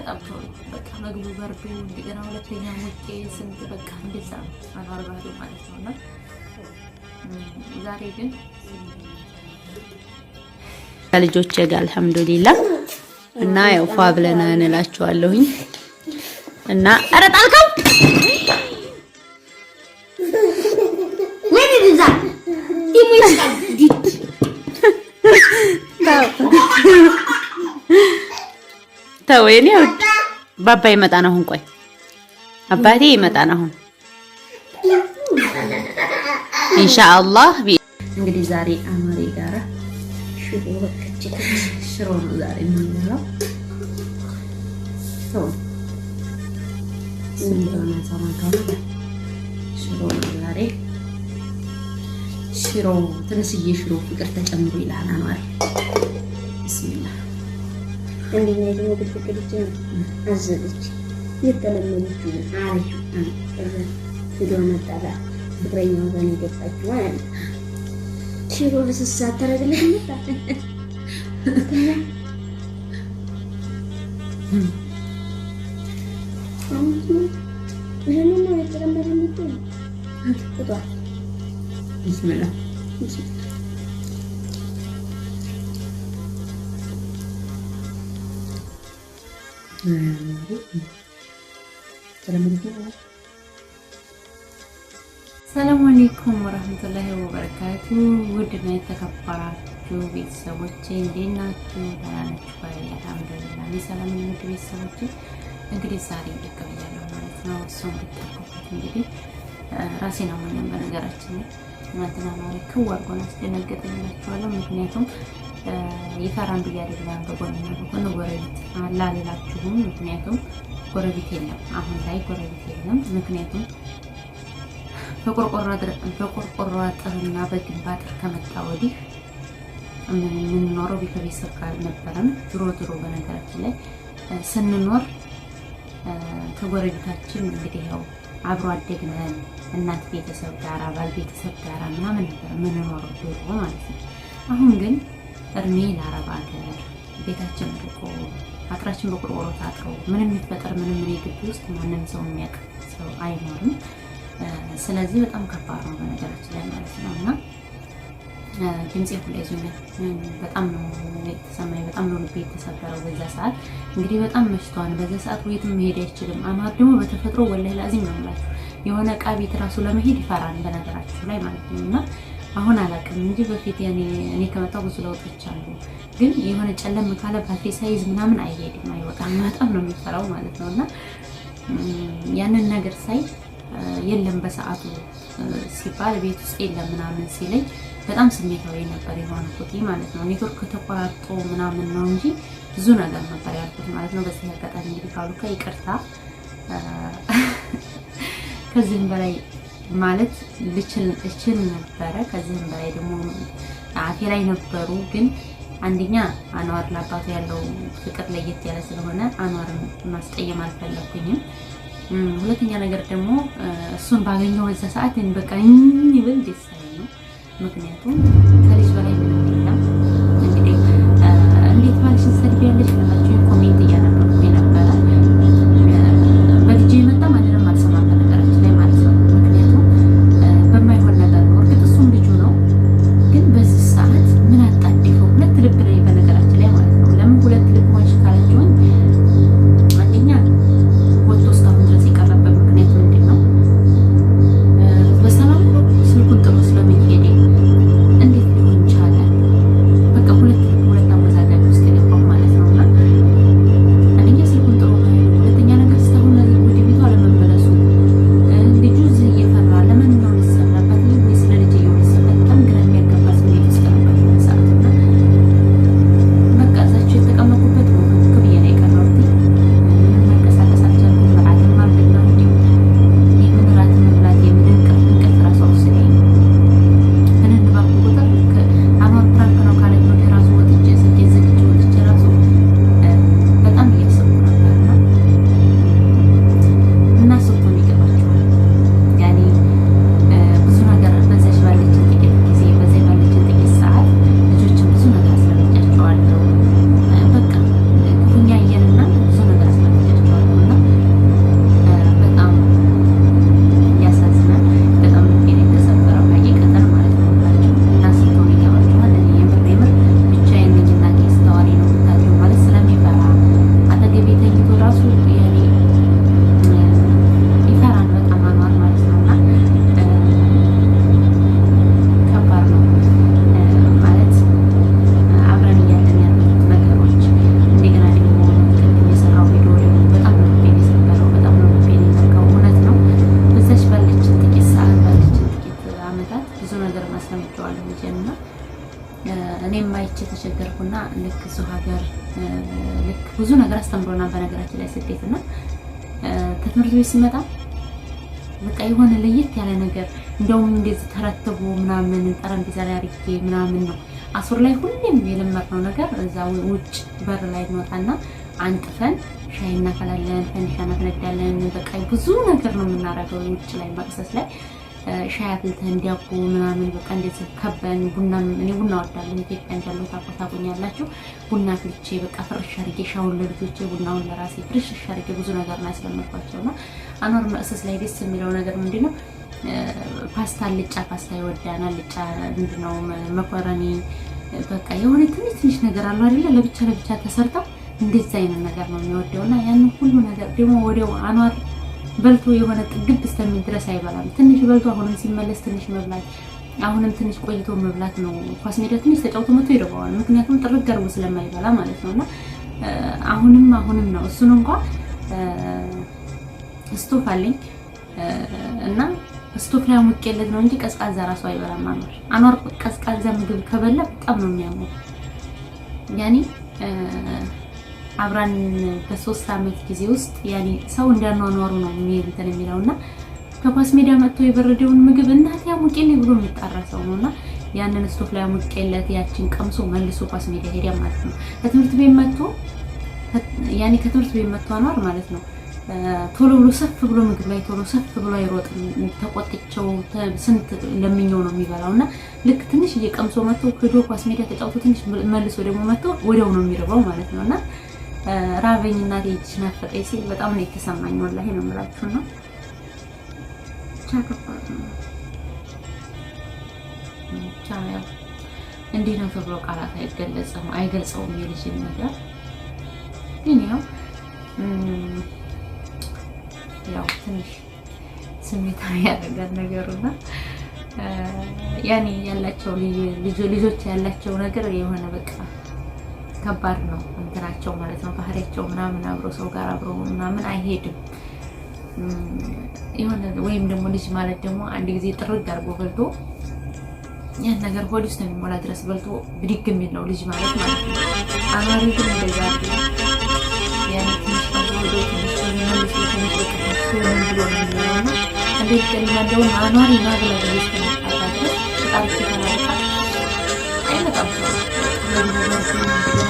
በጣም ተው በቃ ምግቡ በርዶ እንደገና ሁለተኛ ስንት በቃ እንደዛ አኗር ባህሉ ማለት ነው። እና ዛሬ ግን ከልጆቼ ጋር አልሐምዱሊላ እና ያው ፏ እና ኧረ ጣልከው ተወኔ ውድ ባባ ይመጣን አሁን። ቆይ አባቴ ይመጣን አሁን ኢንሻአላህ። እንግዲህ ዛሬ አማሪ ጋራ ሽሮ ወከች ሽሮ ነው ዛሬ የምንበላው። ሽሮ ዛሬ ሽሮ ትንሽዬ ሽሮ ፍቅር ተጨምሮ ይላል አማሪ። ቢስሚላህ አንደኛ ደግሞ ብትፈቅድች አዘዘች የተለመደችው አሪፍ ቀረ ሂዶ መጣላ ፍቅረኛ ወገን የገባችው አለ ሽሮ ብስሳ ተረግለት መጣ ይህንን ነው የተለመደ ምትል ቅጧል ብስምላ ሰላም አለይኩም ወረህመቱላሂ ወበረካቱ። ውድና የተከበራችሁ ቤተሰቦቼ እንዴት ናችሁ? ደህና ናችሁ? አልሐምዱሊላህ ሰላም ነኝ። ውድ እንግዲህ ዛሬ ብቅ ብያለሁ ማለት ነው። እሱም ብታውቁት እንግዲህ ራሴን አሞኛል። በነገራችን ትናንትና ማሪ ክው አስደነገጠኝ እላችኋለሁ። ምክንያቱም የፈራን ብዬ በጎንና በጎን ጎረቤት አላልላችሁም። ምክንያቱም ጎረቤት የለም፣ አሁን ላይ ጎረቤት የለም። ምክንያቱም በቆርቆሮ አጥርና በግንብ አጥር ከመጣ ወዲህ የምንኖረው ቤተቤት ስር ካልነበረም ድሮ ድሮ በነገራችን ላይ ስንኖር ከጎረቤታችን እንግዲህ ያው አብሮ አደግነን እናት ቤተሰብ ጋር ባል ቤተሰብ ጋር ምናምን ነበር የምንኖረው ድሮ ማለት ነው። አሁን ግን እድሜ ለአረብ ሀገር ቤታችን ርቆ አጥራችን በቆርቆሮ ታጥሮ ምንም የሚፈጠር ምንም እኔ ግቢ ውስጥ ማንም ሰው የሚያውቅ ሰው አይኖርም። ስለዚህ በጣም ከባድ ነው በነገራችን ላይ ማለት ነው እና ድምፅ ሁላ ይዞኛል። በጣም ነው የተሰማኝ፣ በጣም ነው ልቤ የተሰበረው በዛ ሰዓት። እንግዲህ በጣም መሽቷል በዛ ሰዓት፣ የትም መሄድ አይችልም። አማር ደግሞ በተፈጥሮ ወላሂ ላዚም ነው የምላችሁ የሆነ ዕቃ ቤት ራሱ ለመሄድ ይፈራል በነገራችሁ ላይ ማለት ነው እና አሁን አላውቅም እንጂ በፊት እኔ ከመጣሁ ብዙ ለውጦች አሉ። ግን የሆነ ጨለም ካለ ባፌ ሳይዝ ምናምን አይሄድም፣ አይወጣም። በጣም ነው የሚፈራው ማለት ነው። እና ያንን ነገር ሳይ የለም በሰዓቱ ሲባል ቤት ውስጥ የለም ምናምን ሲለኝ በጣም ስሜታዊ ነበር የሆንኩት ማለት ነው። ኔትወርክ ተቆራርጦ ምናምን ነው እንጂ ብዙ ነገር ነበር ያልኩት ማለት ነው። በዚህ አጋጣሚ እንግዲህ ካሉካ ይቅርታ ከዚህም በላይ ማለት ልችል እችል ነበረ። ከዚህም በላይ ደግሞ አፌ ላይ ነበሩ። ግን አንደኛ አኗር ለአባቱ ያለው ፍቅር ለየት ያለ ስለሆነ አንዋርን ማስቀየም አልፈለኩኝም። ሁለተኛ ነገር ደግሞ እሱን ባገኘው በዛ ሰዓት በቃ ይብል ደስ ነው። ምክንያቱም ከልጅ በላይ ምንም የለም። እንግዲህ እንዴት ባልሽን ሰድቢያለሽ አስለምጄዋለሁ ልጄን እና እኔም አይቼ ተቸገርኩና ልክ እሱ ሀገር ልክ ብዙ ነገር አስተምሮና በነገራችን ላይ ስደት እና ከትምህርት ቤት ስመጣ በቃ የሆነ ለየት ያለ ነገር እንደውም እንደዚህ ተረትቦ ምናምን ጠረጴዛ ላይ አድርጌ ምናምን ነው አሱር ላይ ሁሌም የለመድነው ነገር እዛ ውጭ በር ላይ እንወጣና አንጥፈን ሻይ እናፈላለን፣ ፈንዲሻ እናፈነዳለን። በቃ ብዙ ነገር ነው የምናደርገው ውጭ ላይ መቅሰስ ላይ ሻይ አፍልተን ዳቦ ምናምን በቃ እንደዚህ ከበን ቡና እኔ ቡና ወዳለሁ ኢትዮጵያ እንዳለው ታቆታቆኛላችሁ። ቡና ፍልቼ በቃ ፍርሽ አርጌ ሻውን ለልጆቼ ቡናውን ለራሴ ፍርሽ አርጌ ብዙ ነገር ነው ያስለመድኳቸው ነው። አኖር መእሰስ ላይ ደስ የሚለው ነገር ምንድን ነው? ፓስታ ልጫ ፓስታ ይወዳናል። ልጫ ነው መኮረኒ በቃ የሆነ ትንሽ ትንሽ ነገር አለ አይደለ? ለብቻ ለብቻ ተሰርተው እንደዛ አይነት ነገር ነው የሚወደውና ያንን ሁሉ ነገር ደግሞ ወዲያው አኗር በልቶ የሆነ ጥግብ እስከሚል ድረስ አይበላም። ትንሽ በልቶ አሁንም ሲመለስ ትንሽ መብላት አሁንም ትንሽ ቆይቶ መብላት ነው። ኳስ ሜዳ ትንሽ ተጫውቶ መቶ ይርበዋል። ምክንያቱም ጥርግ አድርጎ ስለማይበላ ማለት ነው። እና አሁንም አሁንም ነው እሱን እንኳ ስቶፍ አለኝ እና ስቶፍ ላይ አሞቄለት ነው እንጂ ቀዝቃዛ ራሱ አይበላም። አኗር አኗር ቀዝቃዛ ምግብ ከበላ በጣም ነው የሚያምሩ ያኔ አብራን በሶስት አመት ጊዜ ውስጥ ያኔ ሰው እንዳኗኗሩ ነው እንትን የሚለው እና ከኳስ ሜዳ መጥቶ የበረደውን ምግብ እናት ያሙቄል ብሎ የሚጣራ ሰው ነው እና ያንን ስቶፍ ላይ ያሙቄለት ያችን ቀምሶ መልሶ ኳስ ሜዳ ሄዳ ማለት ነው። ከትምህርት ቤት መጥቶ ያኔ ከትምህርት ቤት መጥቶ አኗር ማለት ነው። ቶሎ ብሎ ሰፍ ብሎ ምግብ ላይ ቶሎ ሰፍ ብሎ አይሮጥም። ተቆጥቸው ስንት ለምኛው ነው የሚበላው እና ልክ ትንሽ እየቀምሶ መጥቶ ክዶ ኳስ ሜዳ ተጫውቶ ትንሽ መልሶ ደግሞ መጥቶ ወዲያው ነው የሚርበው ማለት ነው እና ራበኝ እናቴ እጅሽ ናፈቀኝ ሲል በጣም ነው የተሰማኝ። ወላሂ ነው የምላችሁ ነው ብቻ ነው ብቻ እንዲህ ነው ተብሎ ቃላት አይገለጽም አይገልጸውም የልጅን ነገር ግን ያው ያው ትንሽ ስሜታዊ ያደርጋል ነገሩና ያኔ ያላቸው ልጆች ያላቸው ነገር የሆነ በቃ ከባድ ነው እንትናቸው ማለት ነው ባህሪያቸው ምናምን አብሮ ሰው ጋር አብሮ ምናምን አይሄድም። የሆነ ወይም ደግሞ ልጅ ማለት ደግሞ አንድ ጊዜ ጥርግ አድርጎ በልቶ ይህን ነገር ሆድ ውስጥ የሚሞላ ድረስ በልቶ ብድግ የሚል ነው ልጅ ማለት ማለት ነው። አማሪ ግን እንደዛ አይመጣም